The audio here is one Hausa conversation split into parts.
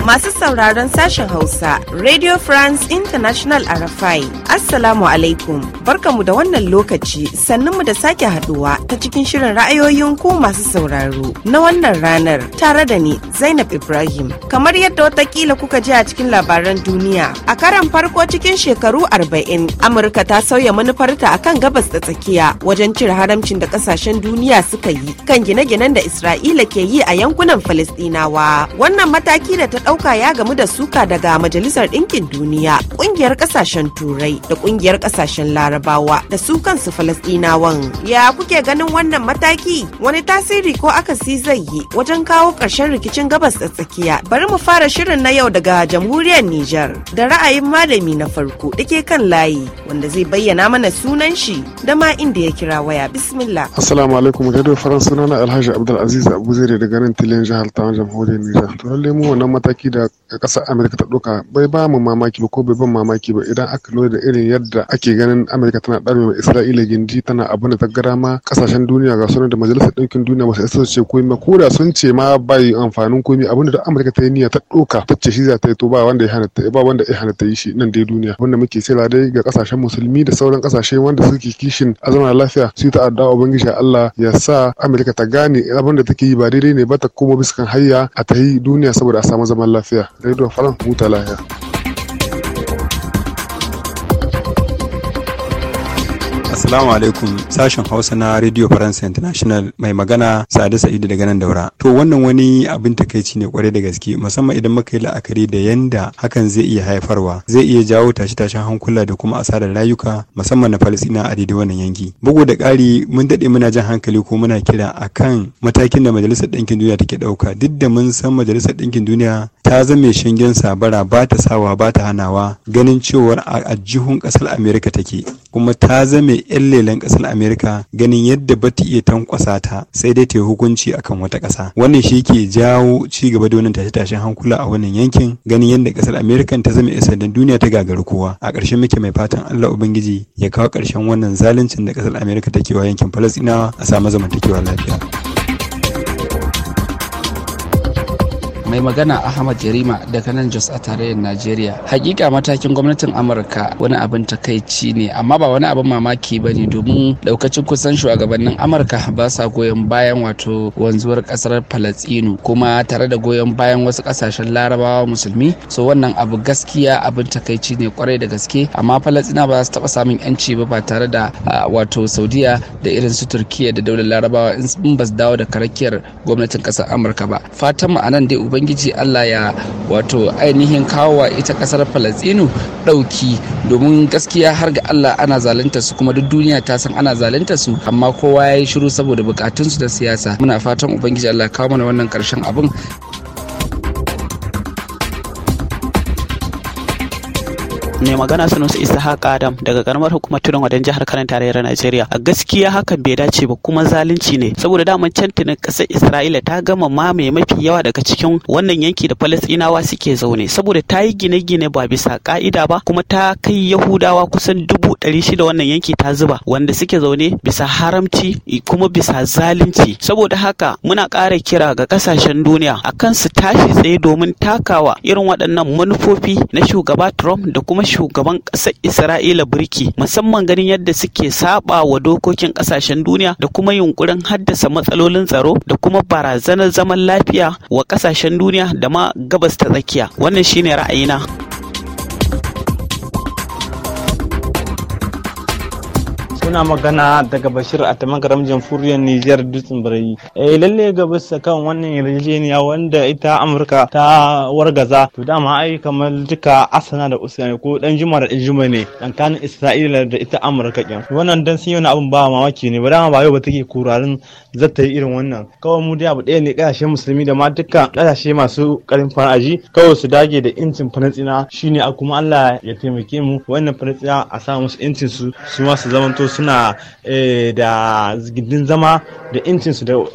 Masu sauraron sashen Hausa, Radio France International a Rafai. Assalamu alaikum barkamu da wannan lokaci sannunmu da sake haduwa ta cikin shirin ra'ayoyin ku masu sauraro na wannan ranar tare da ni Zainab Ibrahim. Kamar yadda watakila kuka ji a cikin labaran duniya a karan farko cikin shekaru 40 Amurka ta sauya manufarta a kan gabas da tsakiya wajen cire haramcin da kasashen duniya suka yi kan gine-ginen da Isra'ila ke yi a yankunan Falistinawa. Wannan mataki da ta ɗauka ya gamu da suka daga Majalisar Ɗinkin Duniya ƙungiyar ƙasashen Turai da kungiyar kasashen larabawa da su kansu falasdinawan ya kuke ganin wannan mataki wani tasiri ko aka akasi zai yi wajen kawo ƙarshen rikicin gabas da tsakiya bari mu fara shirin na yau daga jamhuriyar niger da ra'ayin malami na farko da kan layi wanda zai bayyana mana sunan shi da ma inda ya kira waya bismillah assalamu alaikum gado faransa na alhaji abdulaziz abu zare daga nan tilin jihar ta jamhuriyar niger to lalle mu wannan mataki da ƙasar amerika ta ɗauka bai ba mu mamaki ba ko bai ban mamaki ba idan aka lura da irin irin yadda ake ganin Amurka tana ɗarewa Isra'ila gindi tana abin da ta ma ƙasashen duniya ga sunan da majalisar ɗinkin duniya masu isa ce ko ma koda sun ce ma bai amfanin komi abinda da Amurka ta yi niyya ta ɗauka ta ce shi za ta yi to ba wanda ya hana ta ba wanda ya hana ta yi shi nan dai duniya wanda muke sela dai ga ƙasashen musulmi da sauran ƙasashe wanda suke kishin azama lafiya su ta addu'a ubangiji Allah ya sa Amurka ta gane abin da take yi ba daidai ne ba ta komo biskan hayya a ta yi duniya saboda a samu zaman lafiya. Radio Faran huta lafiya. Assalamu alaikum sashen Hausa na Radio France International mai magana Sade Sa'idu daga nan daura. To wannan wani abin takaici ne kwarai da gaske musamman idan muka yi la'akari da yanda hakan zai iya haifarwa zai iya jawo tashe-tashen hankula da kuma asarar rayuka musamman na Falasina a daidai wannan yanki. Bugu da ƙari mun daɗe muna jan hankali ko muna kira kan matakin da Majalisar Ɗinkin Duniya take ɗauka duk da mun san Majalisar Ɗinkin Duniya ta zame shingen sabara ba ta sawa ba ta hanawa ganin cewar a ajihun ƙasar Amerika take kuma ta zame 'yan lelen ƙasar amerika ganin yadda ba ta iya tankwasa ta sai dai ta yi hukunci akan wata ƙasa wannan shi ke jawo ci gaba da wannan tashe-tashen hankula a wannan yankin ganin yadda ƙasar amerika ta zama isa da duniya ta gagari kowa a ƙarshen muke mai fatan allah ubangiji ya kawo ƙarshen wannan zaluncin da ƙasar amerika take wa yankin falasɗinawa a samu zamantakewa lafiya. mai magana ahmad yarima daga nan jos a tarayyar najeriya hakika matakin gwamnatin amurka wani abin takaici ne amma ba wani abin mamaki ba ne domin daukacin kusan shugabannin amurka ba sa goyon bayan wato wanzuwar kasar falastinu kuma tare da goyon bayan wasu kasashen larabawa musulmi so wannan abu gaskiya abin takaici ne kwarai da gaske amma falastina ba su taba samun yanci ba ba tare da wato saudiya da irin su turkiya da daular larabawa in ba su dawo da karakiyar gwamnatin kasar amurka ba fatan mu nan dai uban ubangiji allah ya wato ainihin kawowa ita kasar falastinu ɗauki domin gaskiya har ga allah ana zalunta su kuma duk duniya ta san ana zalunta su amma kowa ya yi shiru saboda bukatunsu da siyasa muna fatan ubangiji allah kawo mana wannan karshen abin mai magana sunan su ishaq adam daga karamar hukumar tudun wadan jihar kano tarayyar najeriya a gaskiya hakan bai dace ba kuma zalunci ne saboda daman can tunan kasar isra'ila ta gama ma mai mafi yawa daga cikin wannan yanki da falasɗinawa suke zaune saboda ta yi gine-gine ba bisa ka'ida ba kuma ta kai yahudawa kusan dubu ɗari shida wannan yanki ta zuba wanda suke zaune bisa haramci kuma bisa zalunci saboda haka muna ƙara kira ga ƙasashen duniya akan su tashi tsaye domin takawa irin waɗannan manufofi na shugaba trump da kuma shugaban ƙasar Isra'ila birki musamman ganin yadda suke saba wa dokokin ƙasashen duniya da kuma yunkurin haddasa matsalolin tsaro da kuma barazanar zaman lafiya wa ƙasashen duniya da ma gabas ta tsakiya. Wannan shine ra'ayina. kuna magana daga bashir a taman garam jamhuriyar nijar dutsen birayi eh lalle bisa kan wannan yarjejeniya wanda ita amurka ta wargaza to dama ai kamar duka asana da usman ko dan juma da juma ne tsakanin isra'ila da ita amurka kin wannan dan sun yi wani abun ba mamaki ne ba dama ba yau ba take kurarin zata yi irin wannan kawai mu dai abu ɗaya ne kasashen musulmi da ma duka kasashe masu karin faraji kawai su dage da incin falatsina shine a kuma Allah ya taimake mu wannan falatsina a sa musu incin su su ma su zamanto suna eh, da gindin zama da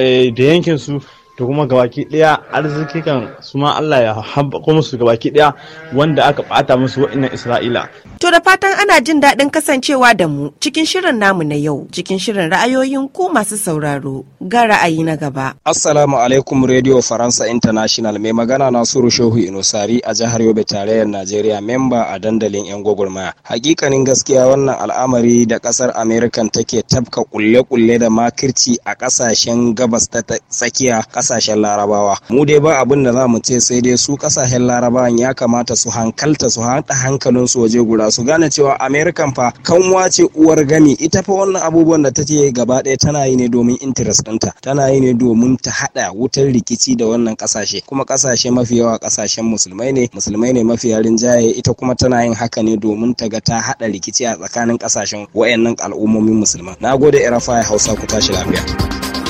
eh, da yankinsu to kuma gabaki daya arziki kan su ma Allah ya haɓaka musu gabaki daya wanda aka bata musu wa'annan Isra'ila. To da fatan ana jin daɗin kasancewa da mu cikin shirin namu na yau cikin shirin ra'ayoyin ku masu sauraro ga ra'ayi na gaba. Assalamu alaikum Radio Faransa International mai magana Nasiru Shehu Inusari a jihar Yobe tarayyar Najeriya memba a dandalin 'yan gwagwarmaya. Hakikanin gaskiya wannan al'amari da ƙasar Amerikan take tabka kulle-kulle da makirci a kasashen gabas ta tsakiya kasashen larabawa mu dai ba abin da za mu ce sai dai su kasashen larabawan ya kamata su hankalta su haɗa hankalin su waje guda su gane cewa american fa kanwa ce uwar gami ita fa wannan abubuwan da take gaba ɗaya tana yi ne domin interest ɗinta tana yi ne domin ta haɗa wutar rikici da wannan kasashe kuma kasashe mafi yawa kasashen musulmai ne musulmai ne mafi yarin jaye ita kuma tana yin haka ne domin ta ga ta haɗa rikici a tsakanin kasashen wayannan al'ummomin musulman na gode irafai hausa ku tashi lafiya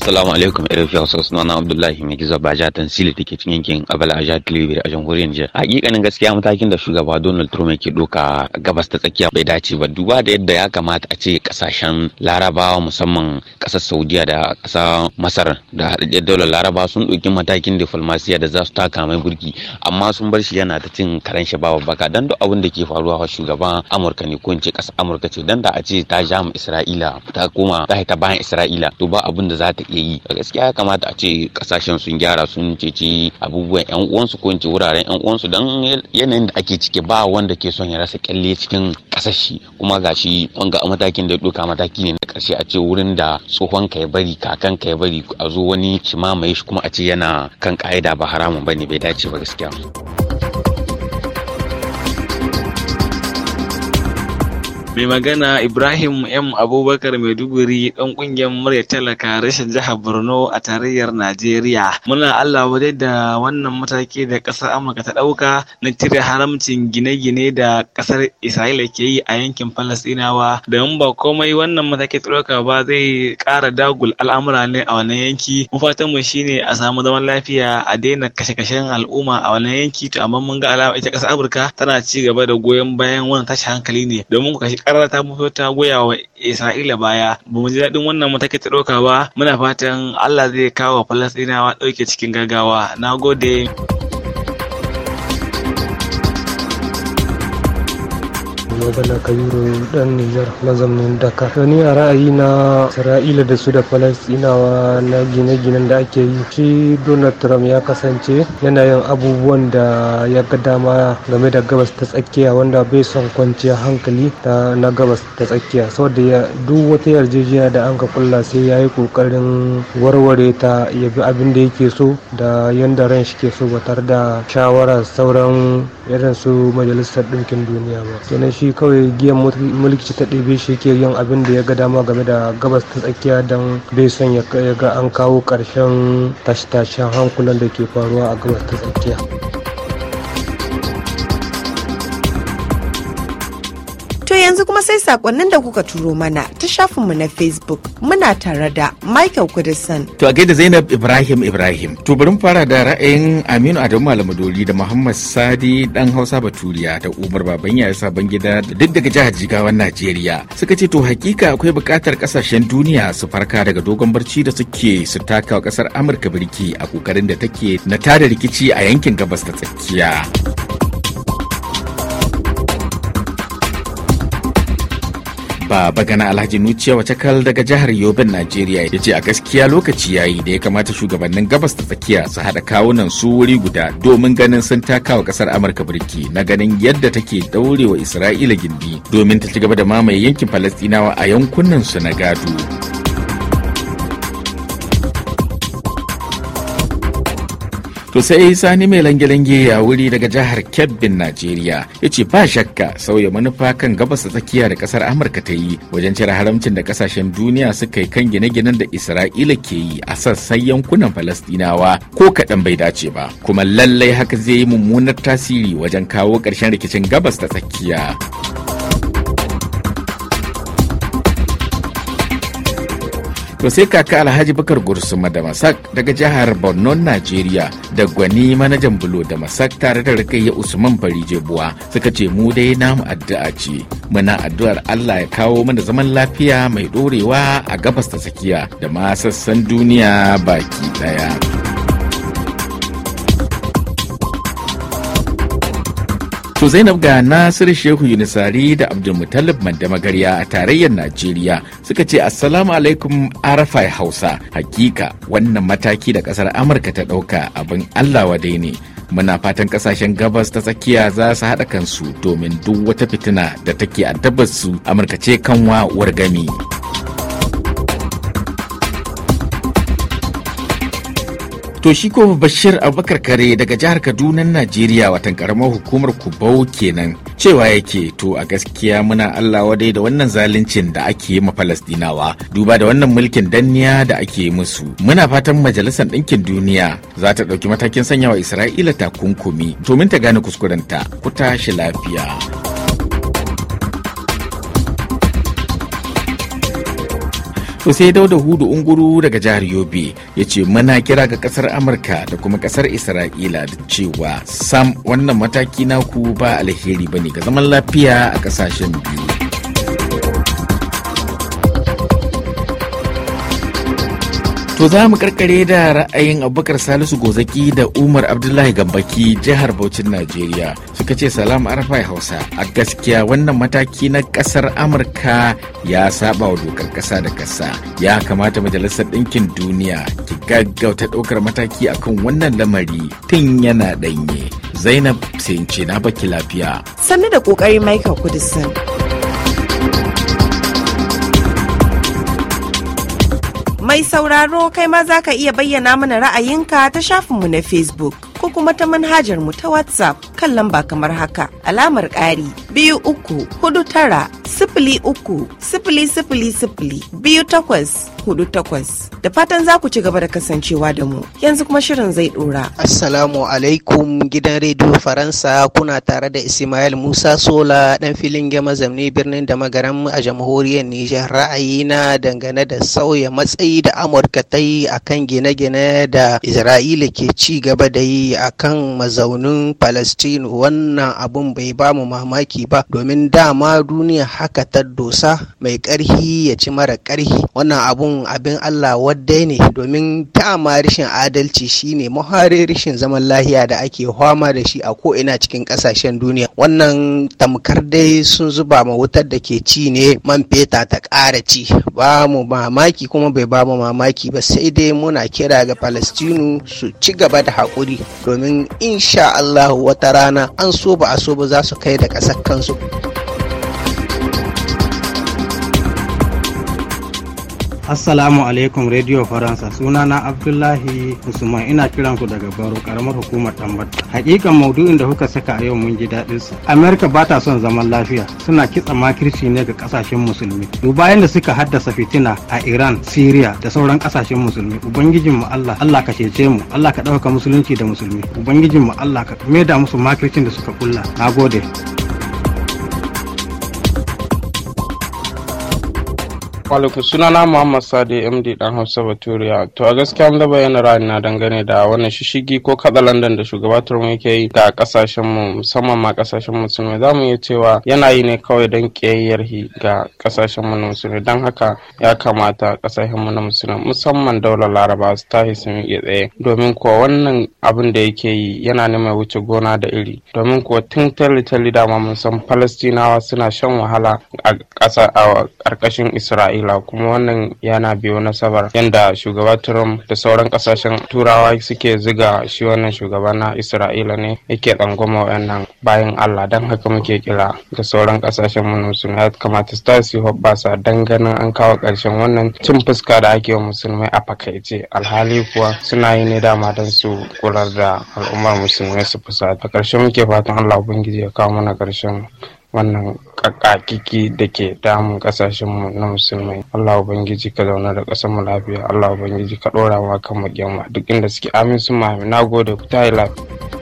Assalamu alaikum Erefi Hausa sunana Abdullahi mai gizo baja tansili take cin yankin Abala a jihar a jamhuriyar Nijar. Hakikanin gaskiya matakin da shugaba Donald Trump yake doka gabas ta tsakiya bai dace ba duba da yadda ya kamata a ce kasashen Larabawa musamman kasar Saudiya da kasar Masar da haɗaɗɗiyar daular larabawa sun ɗauki matakin diflomasiya da za su taka mai burki amma sun bar shi yana ta cin karen shi babu baka dan duk abin da ke faruwa wa shugaban Amurka ne ko in ce kasar Amurka ce dan da a ce ta jama Isra'ila ta koma ta bayan Isra'ila to ba abin da za ta iya yi a gaskiya ya kamata a ce kasashen sun gyara sun ceci abubuwan yan uwansu ko ce wuraren yan uwansu Dan yanayin da ake ciki ba wanda ke son ya rasa kyalle cikin kasashe kuma gashi wanga matakin da doka mataki ne na karshe a ce wurin da tsohon ka bari kakan ka bari a zo wani shi mamaye shi kuma a ce yana kan ka'ida ba haramun bane bai dace ba gaskiya. Mai magana Ibrahim M. Abubakar Maiduguri ɗan ƙungiyar murya talaka rashin jihar Borno a tarayyar Najeriya. Muna Allah waje da wannan mataki da ƙasar Amurka ta ɗauka na cire haramcin gine-gine da ƙasar Isra'ila ke yi a yankin Falasɗinawa. da ba komai wannan mataki ɗauka ba zai ƙara dagul al'amura ne a wannan yanki. Mu fatan mu shine a samu zaman lafiya a daina kashe-kashen al'umma a wannan yanki to amma mun ga alama ita ƙasar Amurka tana ci gaba da goyon bayan wannan tashin hankali ne domin ku kashe kara ta fito ta goya wa Isra'ila baya ba mu ji daɗin wannan take ta ɗauka ba muna fatan Allah zai kawo Falasɗinawa ɗauke cikin gaggawa na gode. magana Kabiru dan Nijar mazaunin Dakar. To ni a na Isra'ila da su da Falastinawa na gine-ginen da ake yi. Shi Donald Trump ya kasance yana yin abubuwan da ya ga dama game da gabas ta tsakiya wanda bai son kwanciyar hankali ta na gabas ta tsakiya. Saboda duk wata yarjejeniya da an ka kulla sai ya yi kokarin warware ta ya bi abin da yake so da yanda ran shi ke so ba tare da shawarar sauran irin su majalisar ɗinkin duniya ba. Sannan shi kawai giyan mulki ta ɗebe shi ke yin abin da ya ga dama game da gabas ta tsakiya don bai son ya ga an kawo ƙarshen tashe-tashen hankulan da ke faruwa a gabas ta tsakiya. kuma sai sakonnin da kuka turo mana ta shafinmu na Facebook muna tare da Michael Kudisan. To a gaida Zainab Ibrahim Ibrahim. To bari mu fara da ra'ayin Aminu Adamu Malamadori da Muhammad Sadi dan Hausa Baturiya da Umar Babanya ya sabon gida da duk daga jihar Jigawan Najeriya. Suka ce to hakika akwai buƙatar ƙasashen duniya su farka daga dogon barci da suke su taka wa kasar Amurka birki a kokarin da take na tada rikici a yankin gabas ta tsakiya. Baba Gana Alhaji Nuciya wata kal daga jihar Yobe Najeriya ya ce a gaskiya lokaci yayi da ya kamata shugabannin gabas ta tsakiya su haɗa kawunan su wuri guda domin ganin sun takawa ƙasar Amurka birki na ganin yadda take daurewa Isra'ila gindi domin ta ci gaba da mamaye yankin Falastinawa a yankunan su na gado. To sai sani mai lange ya wuri daga jihar Kebbin Najeriya ya ce ba shakka sauya manufa kan gabas da tsakiya da kasar Amurka ta yi wajen cire haramcin da kasashen duniya suka yi kan gine-ginen da Isra'ila ke yi a sassan yankunan Falastinawa ko kaɗan bai dace ba. Kuma lallai haka zai yi mummunar tasiri wajen kawo ƙarshen rikicin gabas da tsakiya. to sai kaka alhaji bakar gursuma da masak daga jihar borno najeriya da gwani manajan bulo da masak tare da rikayya usman bari jebuwa suka ce mu dai namu addu'a ce muna addu'ar allah ya kawo mana zaman lafiya mai dorewa a gabas ta tsakiya da ma sassan duniya baki ɗaya. To Zainab ga Nasiru Shehu Yunusari da Abdulmutallab Mandamagarya a tarayyar Najeriya suka ce Assalamu alaikum Arafai Hausa. Hakika wannan mataki da kasar Amurka ta ɗauka abin Allah wadai ne. Muna fatan kasashen gabas ta tsakiya za su haɗa kansu domin duk wata fitina da take tabbas su Amurka ce kanwa wargami. To shi ko Bashir Abubakar Kare daga jihar Kaduna Najeriya watan karamar hukumar Kubau kenan cewa yake to a gaskiya muna Allah wadai da wannan zaluncin da ake yi ma Falastinawa duba da wannan mulkin danniya da ake yi musu. Muna fatan majalisar ɗinkin duniya za ta ɗauki matakin sanyawa Isra'ila takunkumi domin ta gane kuskurenta ku tashi lafiya. to dauda hudu unguru daga jihar yobe ya ce mana kira ga kasar amurka da kuma kasar isra'ila da cewa sam wannan mataki naku ba alheri bane ga zaman lafiya a kasashen biyu To za mu karkare da ra'ayin Abubakar Salisu Gozaki da Umar Abdullahi Gambaki jihar Bauchin Najeriya suka ce salam arfai Hausa a gaskiya wannan mataki na kasar Amurka ya saba wa dokar kasa da kasa ya kamata majalisar ɗinkin duniya ki gaggauta ɗaukar mataki akan wannan lamari tun yana ɗanye. Zainab sai na baki lafiya. Sannu da ƙoƙarin Michael Kudisan. Mai sauraro kai ma za ka iya bayyana mana ra'ayinka ta shafinmu na Facebook. ko kuma ta manhajar mu ta WhatsApp kan lamba kamar haka alamar ƙari biyu uku hudu tara sifili uku sifili sifili sifili biyu takwas hudu takwas. Da fatan za ku ci gaba da kasancewa da mu yanzu kuma shirin zai ɗora. Assalamu alaikum gidan rediyo Faransa kuna tare da Ismail Musa Sola dan filin gama zamne birnin da magaran a jamhuriyar Nijar ra'ayina dangane da sauya matsayi da Amurka ta yi akan gine-gine da Isra'ila ke ci gaba da yi a kan mazaunin palestine wannan abun bai ba mu mamaki ba domin dama duniya haka ta dosa mai karhi ya ci mara karhi wannan abun abin allah wadda ne domin dama rashin adalci shine mahare rashin zaman lahiya da ake fama da shi a ko'ina cikin ƙasashen duniya wannan tamkar dai sun zuba ma wutar da ke ci ne man feta ta ƙara ci ba mu mamaki kuma bai ba mu mamaki ba sai dai muna kira ga palestinu su ci gaba da haƙuri domin insha Allah wata rana an so ba a so ba za su kai da ƙasar kansu. Assalamu alaikum Radio Faransa sunana Abdullahi Usman ina kiran ku daga Baro karamar hukumar Tambata. Hakikan maudu'in da kuka saka a yau mun ji daɗin sa. Amerika ba ta son zaman lafiya suna kitsa makirci ne ga kasashen musulmi. bayan da suka haddasa fitina a Iran, Syria da sauran kasashen musulmi. Ubangijin mu Allah, Allah ka cece mu, Allah ka ɗauka musulunci da musulmi. Ubangijin mu Allah ka maida musu makircin da suka kulla. Nagode. suna sunana Muhammad Sade MD dan Hausa Baturiya. To a gaskiya mun daba yana na dangane da wannan shishigi ko kada London da shugabatar mu yake yi ga kasashen mu musamman ma kasashen musulmi za mu iya cewa yana yi ne kawai don kiyayyar ga kasashen mu na musulmi don haka ya kamata kasashen mu na musulmi musamman daular Laraba su tashi su miƙe tsaye domin kuwa wannan abin da yake yi yana neman wuce gona da iri domin kuwa tun tali-tali dama mun san Falastinawa suna shan wahala a ƙarƙashin Isra'ila. isra'ila kuma wannan yana biyo nasabar yadda shugaba trump da sauran kasashen turawa suke ziga shi wannan shugaba na isra'ila ne yake tsangwama wannan bayan allah dan haka muke kira da sauran kasashen mu ya kamata su tashi hoɓɓasa dan ganin an kawo karshen wannan cin fuska da ake wa musulmai a fakaice alhali kuwa suna yi ne dama don su kular da al'ummar musulmai su fusa a ƙarshe muke fatan allah ubangiji ya kawo mana ƙarshen wannan kakakiki da ke damun mu na musulmai allah ubangiji ka zauna da ƙasar mu lafiya allah ubangiji ka ɗora wa kan mu duk inda suke amin su mami na gode ku tayi lafiya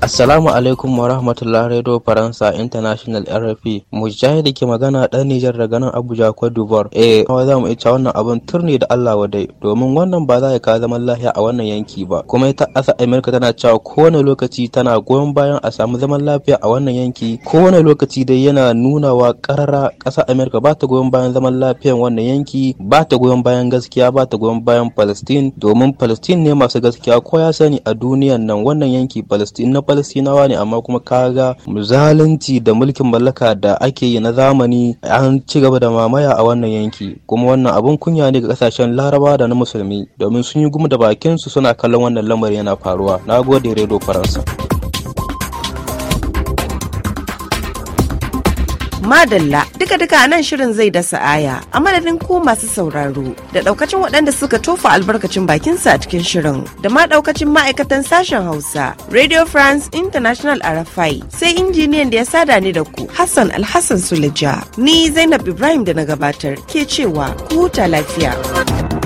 Assalamu alaikum wa rahmatullahi Radio Faransa International RFP. Mujahid ke magana dan Nijar daga nan Abuja Cote d'Ivoire. Eh, za mu ita wannan abin turne da Allah wadai domin wannan ba za ya ka zaman lafiya a wannan yanki ba. Kuma ita asa Amerika tana cewa kowane lokaci tana goyon bayan a samu zaman lafiya a wannan yanki. Kowane lokaci dai yana nuna wa karara ƙasa Amerika ba ta goyon bayan zaman lafiyan wannan yanki, ba ta goyon bayan gaskiya, ba ta goyon bayan Palestine domin Palestine ne masu gaskiya ko ya sani a duniyan nan wannan yanki Palestine na falastinawa ne amma kuma kaga zalunci da mulkin mallaka da ake yi na zamani an ci gaba da mamaya a wannan yanki kuma wannan abun kunya ne ga kasashen laraba da na musulmi domin sun yi gumi da bakin suna kallon wannan lamarin yana faruwa na gode redo faransa Madalla duka-duka nan shirin zai dasa aya a madadin ku masu sauraro da daukacin waɗanda suka tofa albarkacin bakinsa a cikin shirin da ma daukacin ma'aikatan sashen Hausa Radio France International Arafai sai injiniyan da ya sada ni da ku Hassan Alhassan Suleja ni Zainab Ibrahim da na gabatar ke cewa ku huta lafiya.